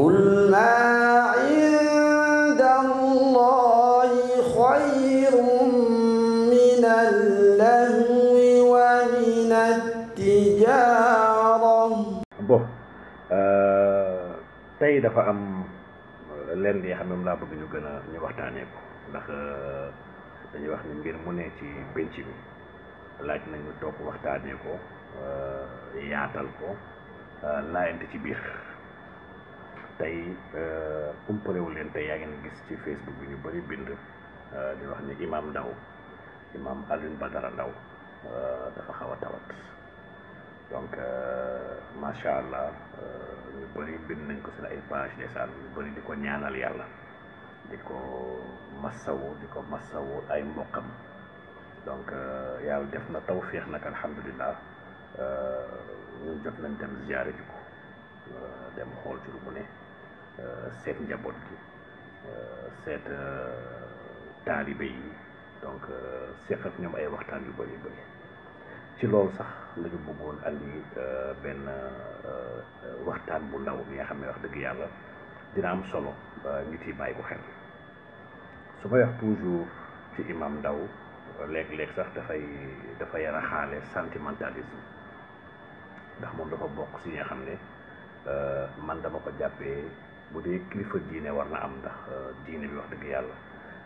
قل ما عند الله خير من اللهو ومن التجارة bon euh, tey dafa am leen li xam ne moom laa bëgg ñu gën a ñu waxtaanee ko ndax euh, dañuy wax ni ngir mu ne ci pénc mi laaj nañu toog waxtaanee ko euh, yaatal ko laayante ci biir tey euh, umpalewu leen tey yaa ngeen gis ci Facebook bi ñu bëri bind euh, di wax ni imaam Ndao imaam Alioune Badara Ndao euh, dafa xaw a tawat donc macha allah ñu bëri bind nañ ko seen ay page ndeysaan ñu bëri di ko ñaanal yàlla di ko massawu di ko massawu ay mbokkam donc yàlla def na tawféex nag alhamdulilah ñu jot nañ dem ziyaare ji ko dem xool ci lu mu ne Euh, seet njaboot gi euh, seet euh, taalibe yi donc seq ak ñoom ay waxtaan yu bëri bëri ci loolu sax la ñu ak andi benn waxtaan bu ndaw bi nga xam ne wax dëgg yàlla dina am solo ba nit yi bàyyi ko xel su may wax toujours ci imam ndaw léeg-léeg sax dafay dafa yara xaale sentimentalisme ndax moom dafa bokk si nga xam ne man dama ko jàppee bu dee kilifa diine war na am ndax euh, diine bi wax dëgg yàlla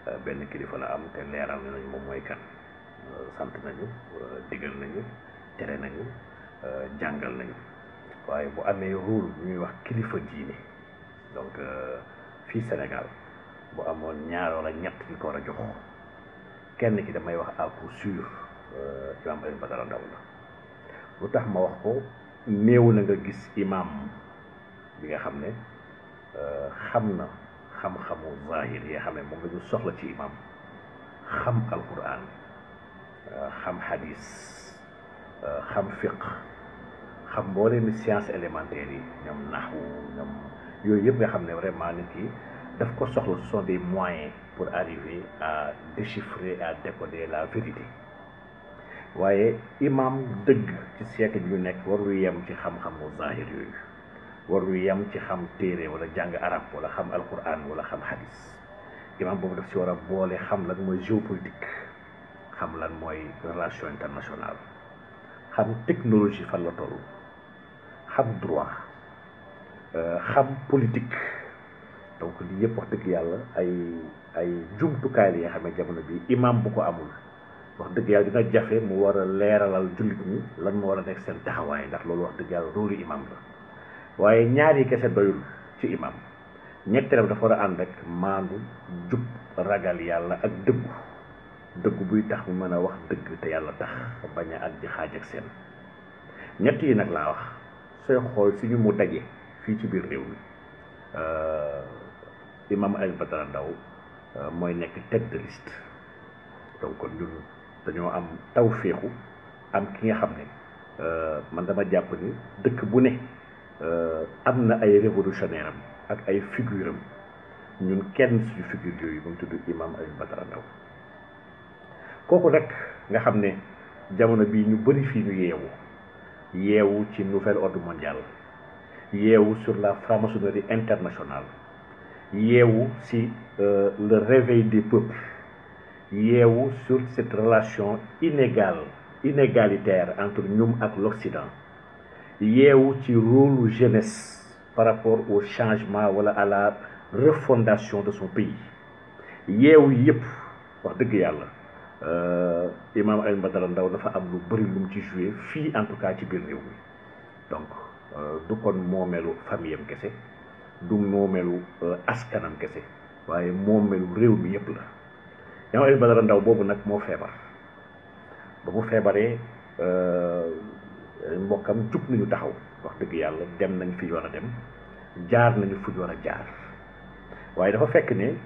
euh, benn kilifa la am te leeral nañu moom mooy kan euh, sant nañu digal nañu tere nañu jàngal nañu waaye bu amee rôle bu ñuy wax kilifa diine donc fii Sénégal bu amoon ñaar wala ñett ñu ko war a jox kenn ki damay wax à coup sûr imam Alioune ndaw Ndao la lu tax ma wax ko néew na nga gis imam bi nga xam ne xam na xam-xamu zahir yi xam ne moom la ñu soxla ci imam xam alquran xam hadis xam fiq xam mbooleem ni science élémentaire yi ñoom naxwu ñoom yooyu yëpp nga xam ne vraiment nit ki def ko soxla ce sont des moyens pour arriver à déchiffrer à décoder la vérité waaye imam dëgg ci siècle bi ñu nekk warul yem ci xam-xamu zahir yo war warul yem ci xam téere wala jàng arab wala xam alquran wala xam hadis imaam boobu daf ci war a boole xam lan mooy géopolitique xam lan mooy relation internationale xam technologie fan la toll xam droit euh, xam politique donc lii yëpp wax dëgg yàlla ay ay jumtukaay la yoo xam ne jamono bi imaam bu ko amul wax dëgg yàlla dina jafe mu war a leeralal jullit ñi lan moo war a nekk seen taxawaay ndax loolu wax dëgg yàlla rôle imaam la. waaye ñaari kese doyul ci imam ñetteelam dafa war a ànd ak maandu jub ragal yàlla ak dëggu dëggu buy tax mu mën a wax dëgg te yàlla tax bañ ak di xaaj ak seen ñett yi nag laa wax sooy xool suñu mu daje fii ci biir réew mi euh, imam Alioune Badara ndaw euh, mooy nekk tête de donc kon ñun dañoo am taw féexu am ki nga xam ne euh, man dama jàpp ni dëkk bu ne Euh, am na ay révolutionnaire am ak ay figure ñun kenn suñu figure yooyu ba mu tudd imam Alioune Badara Ndao kooku nag nga xam ne jamono bii ñu bëri fii ñu yeewu yeewu ci nouvelle ordre mondial yeewu sur la franc-maçonnerie internationale yeewu si euh, le réveil des peuples yeewu sur cette relation inégale inégalitaire entre ñum ak l'Occident yeewu ci rôle jeunesse par rapport au changement wala à la refondation de son pays yeewu yëpp wax dëgg yàlla euh, Imam Alioune Badara ndaw dafa am lu bëri lu mu ci joué fii en tout cas ci biir réew mi donc euh, du kon moomeelu famille am kese du moomeelu euh, askanam kese waaye moomeelu réew mi yëpp la Imam Alioune Badara Ndao boobu nag moo feebar ba mu feebaree. mbokkam jub nañu taxaw wax dëgg yàlla dem nañu fi ñu war a dem jaar nañu fu ñu war a jaar waaye dafa fekk ne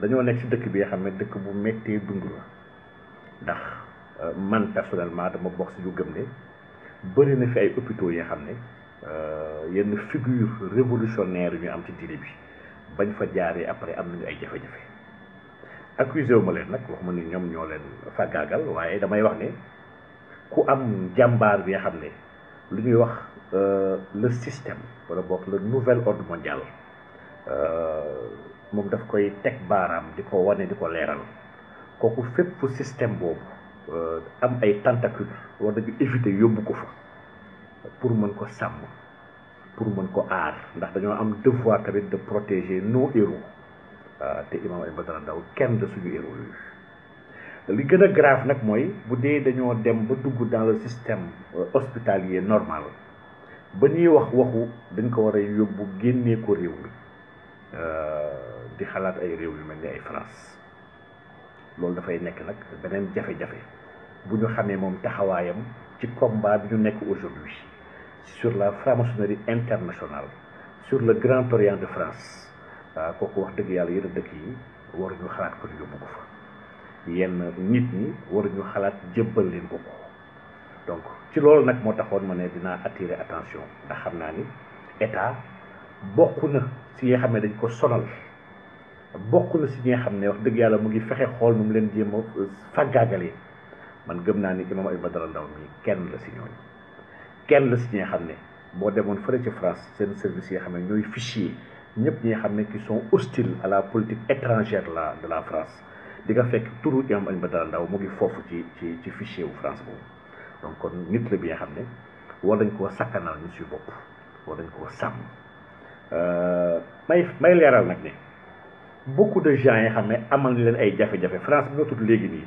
dañoo nekk ci dëkk bi nga xam ne dëkk bu méttee dund la ndax euh, man personnellement dama bokk ci ñu gëm ne bëri na fi ay hôpitaux yi nga xam ne euh, yenn figure révolutionnaire yu ñu am ci diine bi bañ fa jaaree après am nañu ay jafe-jafe accusé wu ma leen nag wax ma ni ñoom ñoo leen fàggaagal waaye damay wax ne ku am jàmbaar bi nga xam ne lu ñuy wax euh, le système wala boog le nouvel ordre mondial euh, moom daf koy teg baaraam di ko wane di ko leeral kooku fépp système boobu euh, am ay tentacule war nañu éviter yóbbu ko fa pour mën ko sàmm pour mën ko aar ndax dañoo am devoir tamit de protéger nos héros te Imam Alioune Badara Ndao kenn de suñu héros li gën a grave nag mooy bu dee dañoo dem ba dugg dans le système euh, hospitalier normal ba ñuy wax waxu dañ ko war a yóbbu génnee ko réew mi euh, di xalaat ay réew yu mel ni ay France loolu dafay nekk nag beneen jafe-jafe bu ñu xamee moom taxawaayam ci combat bi ñu nekk aujourd'hui sur la franc-maçonnerie internationale sur le Grand Orient de France kooku wax dëgg yàlla yenn dëkk yi waruñu xalaat ko yóbbu ko fa. yenn nit ñi waruñu xalaat jëmbal leen ko ko donc ci loolu nag moo taxoon ma ne dinaa attirer attention ndax xam naa ni état bokk na si nga xam ne dañ ko sonal bokk na si ñi nga xam ne wax dëgg yàlla mu ngi fexe xool nu mu leen jéem a fàggaagalee man gëm naa ni imam Alioune dala ndaw mii kenn la si ñooñu kenn la si ñi nga xam ne boo demoon fare ci France seen service yi xam ne ñooy fichier ñëpp ñi nga xam ne qui sont hostiles à la politique étrangère la de la France di nga fekk turu imam ba Badara ndaw mu ngi foofu ci ci ci fichier wu France boobu donc kon nit la bi nga xam ne war dañ koo sakkanal ñu suy bopp war dañ koo sàmm euh, may may leeral nag ne beaucoup de gens yi xam ne amal na leen ay jafe-jafe France bi nga tudd léegi nii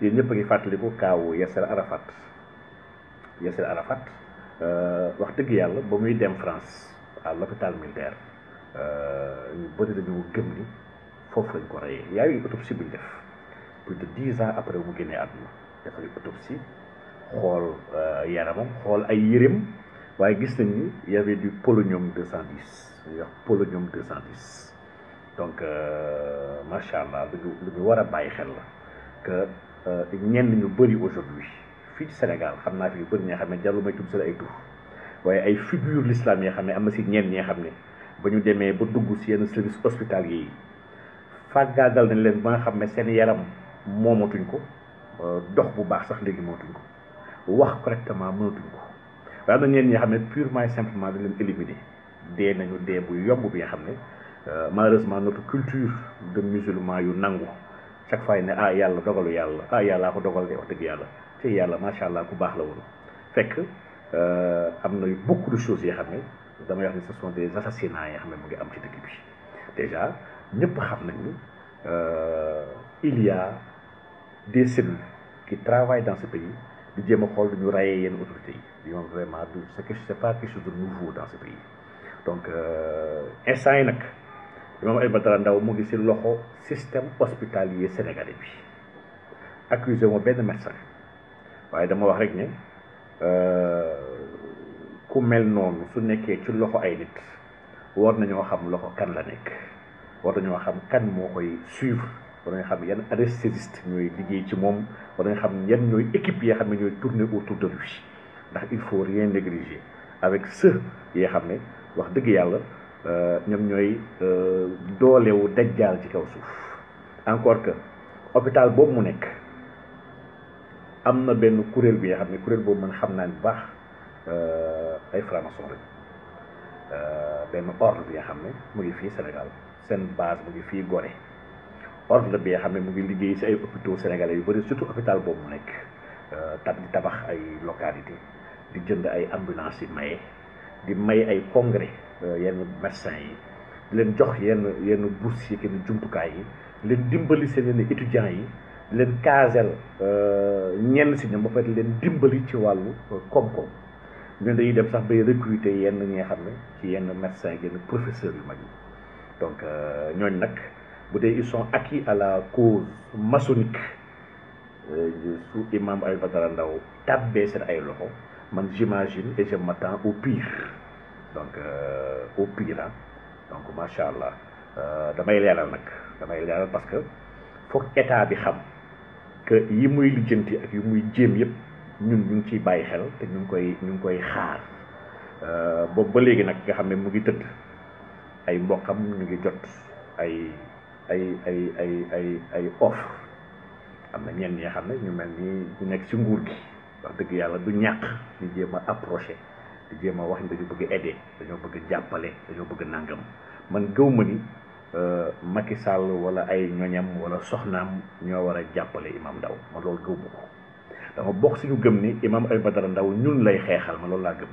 yéen ñëpp a ngi fàttaliku kaawu Yasser Arafat Yasser Arafat euh, wax dëgg yàlla ba muy dem France à l'hôpital militaire euh, ñu bëri dañu gëm ni foofu lañ ko reyee yaayu autopsie buñ def plus de dix ans après mu génnee àdduna defal autopsie xool euh, yaramam xool ay yëreem waaye gis nañ ni y avait du polonium 210 ñuy wax polonium 210 donc euh, macha allah lu ñu lu ñu war a bàyyi xel la que euh, ñenn ñu bëri aujourd'hui fii ci Sénégal xam naa fi ñu bëri ñi xam ne jarul may tudd seen ay tur waaye ay figure l'islam yi xam ne am na si ñenn ñi nga xam ne ba ñu demee ba dugg si yenn service hospitalier yii faagaagal nañ leen ba nga xam ne seen yaram moomatuñ ko euh, dox bu baax sax léegi moomatuñ ko wax correctement mënatuñ ko waaye am na ñeen ñi xam ne purement et simplement da leen éliminer dee nañu dee bu yomb bi nga xam ne euh, malheureusement notre culture de musulman yu nangu chaque fois ne ah yàlla dogalu yàlla ah yàllaa ko dogal de wax dëgg yàlla te yàlla macha allah ku baax la woon fekk euh, am na beaucoup de choses yoo xam ne damay wax ne ce sont des assassinats yoo xam am ci dëkk bi ñëpp xam nañu euh, il y a des cellules qui travaillent dans ce pays di jéem a xool du ñu rayee yenn autorité yi di vraiment du c'est que c'est pas quelque chose de nouveau dans ce pays donc euh, instant yi nag Imam Alioune Badara Ndao mu ngi si loxo système hospitalier sénégalais bi accusé moo benn médecin waaye dama wax rek ne euh, ku mel noonu su nekkee ci loxo ay nit war nañoo xam loxo kan la nekk war dañoo xam kan moo koy suivre war nañu xam yan anesthésiste ñooy liggéey ci moom war nañu xam yan ñooy équipe yi xam ne ñooy tourner autour de lui ndax il faut rien négliger avec ceux yi xam ne wax dëgg yàlla euh, ñoom ñooy euh, doolewu dajjaal ci kaw suuf encore que hôpital boobu mu nekk am na benn kuréel bi nga xam ne kuréel boobu mën xam naa bu baax euh, ay franc-maçon lañu benn ordre bi nga xam ne mu ngi fii Sénégal seen base mu ngi fii Gorée ordre bi nga xam ne mu ngi liggéey si ay hôpitaux sénégalais yu bëri surtout hôpital boobu mu nekk euh, tab di tabax ay localité di jënd ay ambulance yi maye di may ay congrès euh, yenn médecins yi leen jox yenn yenn bourses jumtukaay yi di leen seen yenn étudiants yi di leen kaaseel euh, ñenn si ñoom ba leen dimbali ci wàllu koom-koom ñun dañuy dem sax bay recruter yenn ñi nga xam ne ci yenn médecins yenn professeurs yu mag yi donc euh, ñooñu nag bu dee ils ak acquis à la cause maçonnique euh, su imam Alioune Badara Ndao tàbbee seen ay loxo man j'imagine et je m'attends au pire donc euh, au pire ah donc macha allah damay leeral nag damay leeral parce que foog état bi xam que yi muy lijjanti ak yi muy jéem yëpp ñun ñu ngi ciy bàyyi xel te ñu ngi koy ñu ngi koy xaar boobu ba léegi nag nga xam ne mu ngi tëdd. ay mbokkam ñu ngi jot ay ay ay ay ay ay offre am na ñenn ñi xam ne ñu mel ni ñu nekk ci nguur gi wax dëgg yàlla du ñàq di jéem a approché di jéem a wax ni dañu bëgg aider dañoo bëgg jàppale dañoo bëgg nàngam man gëw ma ni euh, Macky sàll wala ay ñoñam wala soxnaam ñoo war a jàppale Imam Ndao ma loolu gëw ma ko dama bokk si ñu gëm ni Imam Alioune Badara Ndao ñun lay xeexal ma loolu laa gëm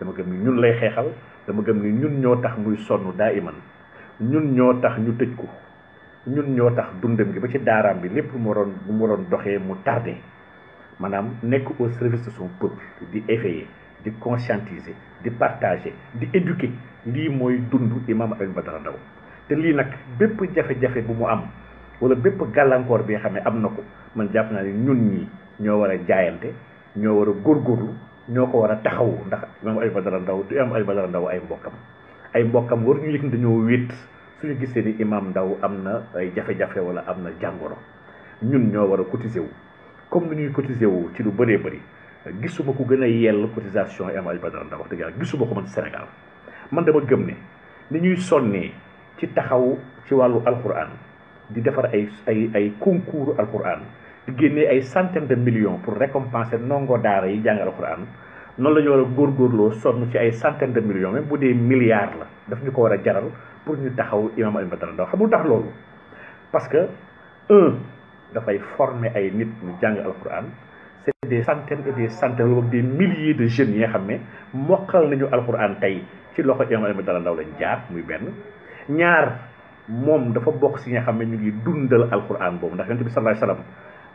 dama gëm ni ñun lay xeexal dama gëm ni ñun ñoo tax muy sonn daa iman ñun ñoo tax ñu tëj ko ñun ñoo tax dundam gi ba ci daaraam bi lépp mu waroon mu waroon doxee mu tardé maanaam nekk au service de son di éveiller di conscientiser di partager di éduquer lii mooy dund imam ma Badara Ndao te lii nag bépp jafe-jafe bu mu am wala bépp gàllankoor bi xam ne am na ko man jàpp naa ne ñun ñii ñoo war a jaayante ñoo war a góor góorlu ñoo ko war a taxaw ndax même ay dara ndaw du am ay badara ndaw ay mbokkam ay mbokkam war ñu yëg dañoo wéet suñu gisee ni imaam ndaw am na ay jafe-jafe wala am na jàngoro ñun ñoo war a cotiser wu comme ni ñuy cotiser wu ci lu bëree bëri gisuma ko gën a yell cotisation yi am ay badara ndaw wax dëgg yàlla gisuma ko man Sénégal man dama gëm ne ni ñuy sonnee ci taxaw ci wàllu alquran di defar ay ay ay concours alquran di génnee ay centaine de millions pour récompenser ndongo daara yi jàngal alxuraan noonu la ñu war a góorloo sonn ci ay centaine de millions même bu dee milliards la daf ñu ko war a jaral pour ñu taxaw imam Alioune Badara Ndao xam lu tax parce que dafay former ay nit ñu jàng alxuraan c'est des et des centaines wala des milliers de jeunes yi nga xam ne mokkal nañu alxuraan tey ci loxo imam Alioune Badara Ndao lañ jaar muy benn ñaar moom dafa bokk si nga xam ne ñu ngi dundal alxuraan boobu ndax yonent bi sallallahu alayhi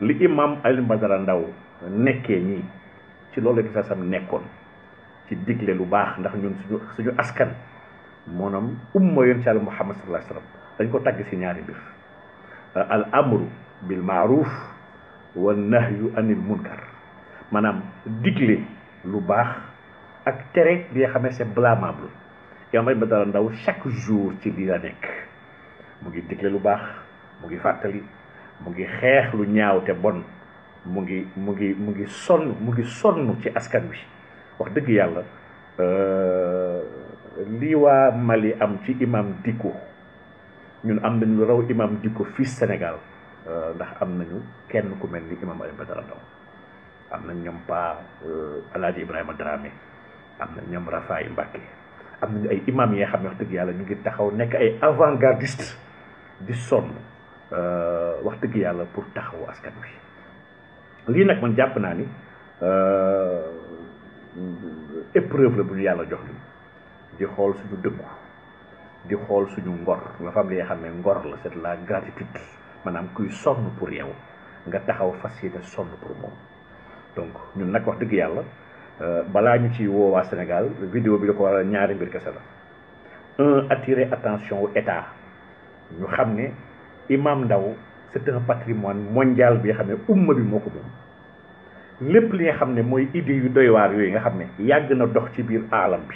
li imam Alioune Badara Ndao nekkee ñii ci loolu la sam nekkoon ci digle lu baax ndax ñun suñu suñu askan maanaam umma yoon ci àll Muhammad sallallahu alayhi dañ ko tàgg si ñaari mbir al amru bil maaruf wa nahyu anil munkar maanaam digle lu baax ak tere bi nga xam ne c'est blâmable imam Alioune Badara Ndao chaque jour ci lii la nekk mu ngi digle lu baax mu ngi fàttali mu ngi xeex lu ñaaw te bon mu ngi mu ngi mu ngi sonn mu ngi sonn ci askan wi wax dëgg yàlla euh, lii waa Mali am ci imam Dicko ñun am nañu lu raw imam Dicko fii Sénégal euh, ndax am nañu kenn ku mel ni imam Alioune Badara Ndao am nañ ñoom Pa euh, Alaaji Ibrahima Dramé am na ñoom Rafaay Mbacke am nañu ay imam yi xam ne wax dëgg yàlla ñu ngi taxaw nekk ay avant-gardiste di sonn Euh, wax dëgg yàlla pour taxawu askat wi lii nag man jàpp naa ni euh, épreuve la bu ñu yàlla jox li di xool suñu dëkku di xool suñu ngor nga fam li xam ne ngor la c'est la gratitude maanaam kuy sonn pour yow nga taxaw fas yéene sonn pour moom donc ñun nag wax dëgg yàlla euh, balaa ñu ci woowaa Sénégal vidéo bi da ko war a ñaari mbir kese la un attirer attention wu état ñu xam ne Imam Ndao c'est un patrimoine mondial bi nga xam ne umma bi moo ko moom lépp li nga xam ne mooy idée yu doy waar yooyu nga xam ne yàgg na dox ci biir aalam bi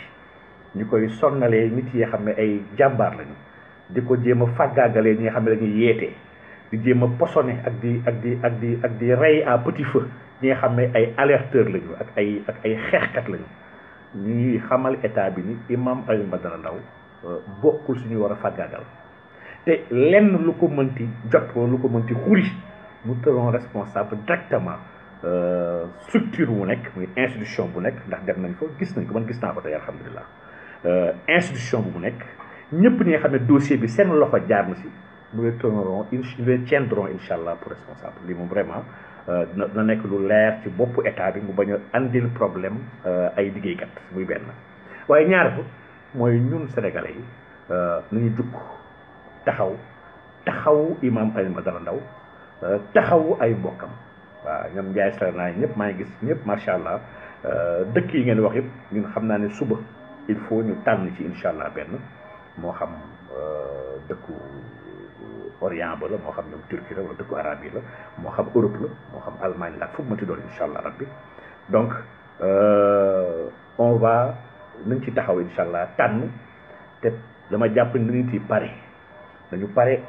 ñu koy sonnalee nit yi nga xam ne ay jàmbaar lañu di ko jéem a fàggaagalee ñi nga xam ne dañuy yeete di jéem a posone ak di ak di ak di ak di rey à petit feu ñi nga xam ne ay alerteur lañu ak ay ak ay xeexkat lañu ngi xamal état bi ni imam Alioune Badara ndaw euh, bokkul suñu war a fàggaagal te lenn lu ko mënti jot ko lu ko mënti xuri nous serons responsables directement euh, structure bu nekk muy institution bu nekk ndax def nañ ko gis nañ ko man gis naa ko tey alhamdulilah euh, institution bu nekk ñëpp ñi nga xam ne dossier bi seen loxo jaar na si mu les tiendrons nous les allah pour responsable lii moom vraiment dina euh, dina nekk lu leer ci boppu état bi mu bañ a andil problème ay liggéeykat muy benn waaye ñaar bu mooy ñun sénégalais yi nañu jukk taxaw taxawu imam ma Badara Ndao euh, taxawu ay bokkam waaw ñoom Ndiaye Serena ñëpp maa ngi gis ñëpp macha allah euh, dëkk yi ngeen wax yëpp ñun xam naa ne suba il faut ñu tànn ci incha allah benn moo xam euh, dëkku Orient ba la moo xam ñoom Turquie la wala dëkku arabe yi la moo xam Europe la moo xam Allemagne la ak fu mu mënti doon incha allah bi donc on nu nañ ci taxaw incha allah tànn te dama jàpp ni nit yi pare. dañu pare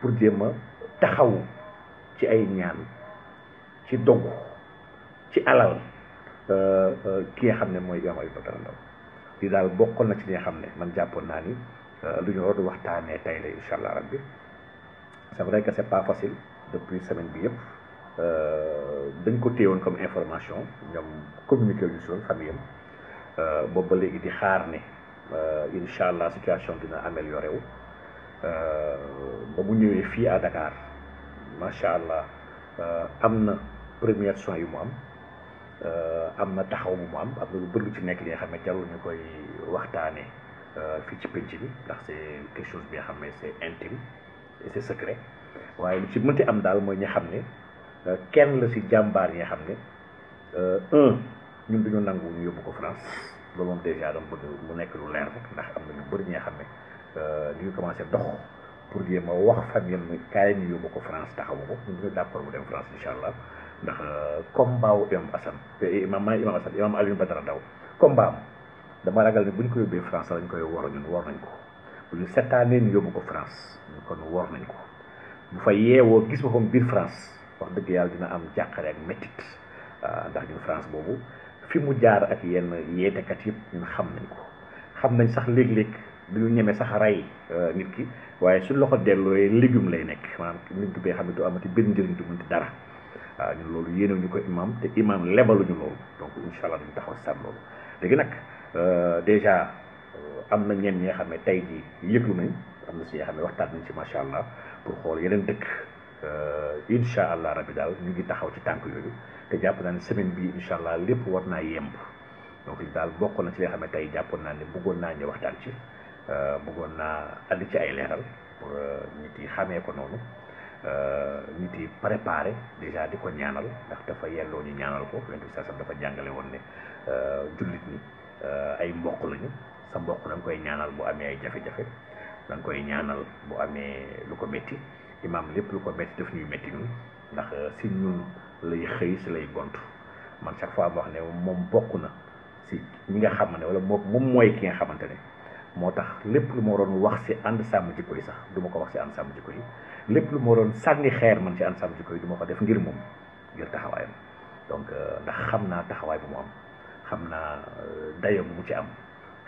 pour jéem a taxawu ci ay ñaan ci dogg ci alal euh, euh, ki nga xam ne mooy Yohane Aïbadara Ndao li daal bokkoon na ci li nga xam ne man jàppoon naa ni euh, lu ñu war a waxtaanee tey la incha allah rabbi c'est vrai que c'est pas facile depuis semaine bi yëpp dañ ko téyewoon comme information ñoom communiqué wu ñu si woon famille am boobu léegi di xaar ne incha allah situation dina amélioré wu. Euh, ba mu ñëwee fii à Dakar macha allah euh, am na première soin yu mu am euh, am na taxaw bu mu am am na lu lu ci nekk li nga xam ne jarul ñu koy waxtaanee fii ci pénc ndax c' est quelque chose bi nga xam ne c' est intime et c' secret waaye lu ci mënti am daal mooy ñu xam ne kenn la si jàmbaar yi nga xam ne un ñun duñu nangu ñu yóbbu ko France loolu moom dèjà dama bëgg mu nekk lu leer rek ndax am na ñu bëri ñi nga xam ne. li euh, ñu commencé dox pour jéem a wax famille am kaay ñu yóbbu ko France taxawu ko ñu ngi d'accord mu dem France incha allah ndax euh, combat wu imam assan imam maa imam Assane imam Alioune Badara Ndao combat dama ragal ne bu ñu ko yóbbee France lañ koy war ñun war nañ ko bu ñu seetaanee ñu yóbbu ko France nañ ko bu fa yeewoo gis boppam biir France wax dëgg yàlla dina am jàqare ak métit euh, ndax ñun France boobu fi mu jaar ak yenn yeetekat yëpp ñun xam nañ ko xam nañ sax léeg-léeg. duñu ñemee sax rey euh, nit ki waaye su loxo dellooyee légume lay nekk maanaam nit ki bee xam ne du amati benn njëriñ du mënti dara ah, loolu yéenew ñu ko imam te imam lebaluñu loolu donc incha allah dañu taxaw sàmm léegi nag euh, dèjà euh, am na ñenn ñi nga xam ne tey jii yëglu nañ am na si nga ne waxtaan nañ ci macha allah pour xool yeneen dëkk incha allah rabi daal ñu ngi taxaw ci tànk te jàpp naa ne semaine bi incha allah lépp war naa yemb donc daal bokk na ci li nga xam ne tey jàppoon naa ne bëggoon naa ñu waxtaan ci Euh, bëggoon naa andi ci ay leeral pour euh, nit yi xamee ko noonu euh, nit yi préparé déjà di ko ñaanal ndax dafa yelloo ñu ñaanal ko yonent sa saasam dafa jàngale woon ne jullit ñi ay mbokk lañu sa mbokk da nga koy ñaanal bu amee ay jafe koy ñaanal bu amee lu ko métti imaam lépp lu ko métti daf ñuy métti ñun ndax si ñun lay xëy si lay gont man chaque fois ma wax ne moom bokk na si ñi nga xam ne wala moom mooy ki nga xamante ne moo tax lépp lu ma waroon wax si ànd sàmm ci yi sax du ko wax si ànd sàmm jikko yi lépp lu ma waroon sànni xeer man ci ànd sàmm jikko yi du ma ko def ngir moom ngir taxawaayam donc euh, ndax xam naa taxawaay bu mu am xam naa euh, dayo bu mu ci am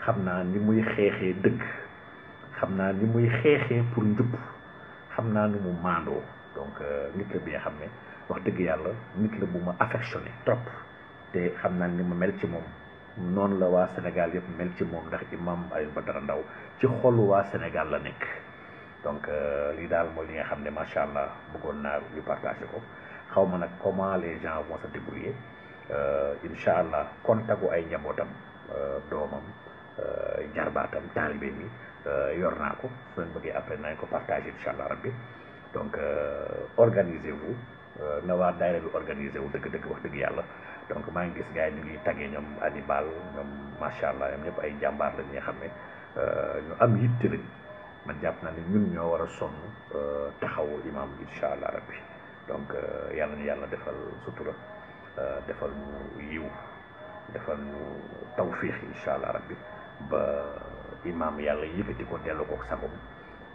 xam naa ni muy xeexee dëgg xam naa ni muy xeexee pour njub xam naa ni mu maandoo donc euh, nit la bi nga xam ne wax dëgg yàlla nit la bu ma affectionné trop te xam naa ni ma mel ci moom noonu la waa Sénégal yëpp mel ci moom ndax imam Alioune Badara ndaw ci xolu waa Sénégal la nekk donc euh, lii daal mooy li nga xam ne macha allah bëggoon naa ñu partagé ko xaw ma nag comment les gens vont se débrouiller euh, incha allah kon tagu ay njabootam euh, doomam jarbaatam taalibe mi yor naa ko su leen bëggee après nañ ko partagé incha allah bi donc organisez vous na waa daayira bi organisé wu dëgg-dëgg wax dëgg yàlla. donc maa ngi gis gars yi ñu ngi tàggee ñoom Hannibal ñoom macha allah ñoom ay jàmbaar lañ ñuy xam ne euh, ñu am yitte lañ man jàpp naa ne ñun ñoo war a sonn euh, taxawu imam incha allah bi donc euh, yàlla ñu yàlla defal sutura defal ñu yiw defal ñu tawfiix incha allah rabbi ba imam yàlla yëkkati ko dellu ko sagum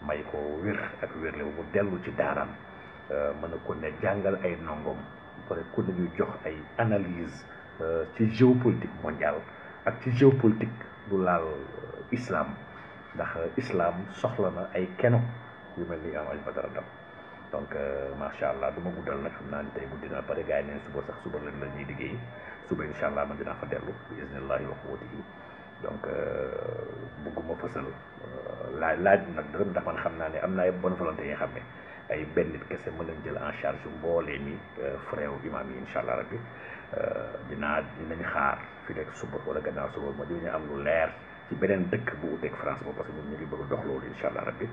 may ko wér ak wér bu dellu ci daaraam mën a ko ne jàngal ay nongom pare ku nañu jox ay analyse euh, ci géopolitique mondial ak ci géopolitique lu laal euh, islam ndax euh, islam soxla na ay keno yu mel ni am Alioune Badara Ndao donc macha allah du ma guddal nag xam naa ni tey guddi naa pare gars yi neen suba sax suba lañ la ñuy liggéey suba incha allah man dinaa fa dellu bi isnillahi wa quwwatihi donc bëgguma laa laaj laaj nag dërëm ndax man xam naa ne am naa yëpp bonne volonté yi xam ne ay benn nit kese mën a jël en mboole mboolee mi euh, frais imaam yi incha allah rabbi euh, dinaa dinañ xaar fii rek suba wala gannaaw suba ma ñu am lu leer ci beneen dëkk bu uteeg France ba parce que ñun ñu ngi bëgg a dox loolu incha allah rabbi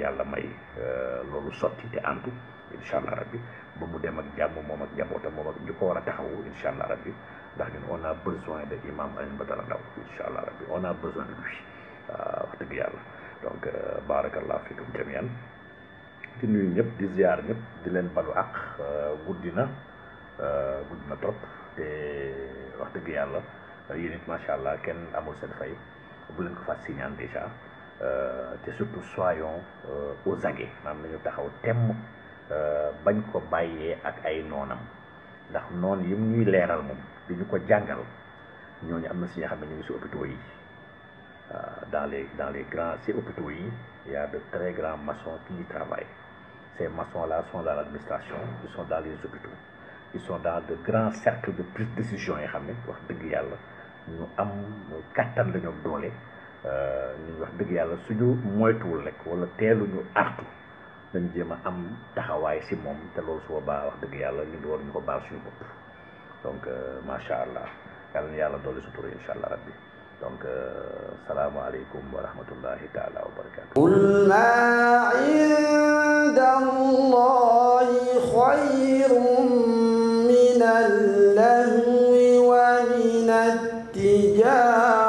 yàlla may euh, loolu sotti te antu incha allah rabbi ba mu dem ak jàmm moom ak njabootam moom ak ñu ko war a taxawu incha allah rabbi ndax ñun on a besoin de imam Alioune Badara Ndao incha allah rabbi on a besoin de lui waaw wax dëgg yàlla donc barakallahu fikum di nuyu ñëpp di ziar ñëpp di leen balu ak euh, guddi na euh, guddi na trop te wax dëgg yàlla yéen it macha allah kenn amul seen fay bu leen ko fas signaan déjà euh, te surtout soyons aux aguets maanaam nañu taxaw temm bañ ko bàyyee ak ay noonam ndax noon yi ñuy leeral moom di ñu ko jàngal ñooñu am na si nga xam ne ñu ngi si hôpitaux yi dans les dans les grands si hôpitaux yi y a de très grands maçons qui y travaillent Ces maçons-là sont dans l'administration, ils sont daal les hôpitaux, ils sont dans de grands cercles de prise décision yi xam ne wax dëgg yàlla ñu am kàttan la ñoom doole euh, ñu wax dëgg yàlla su suñu moytuwul rek teelu ñu artu dañ jéem a am taxawaay si moom te loolu su boobaa wax dëgg yàlla ñu ngi war ñu ko baax suñu bopp donc euh, macha allah yàlla na yàlla doole sutura incha allah rabbi donc euh, salaamaaleykum wa rahmatullahi taala wa barakaatu qul maa inda allahi xayrun min allahwi wa min attijaara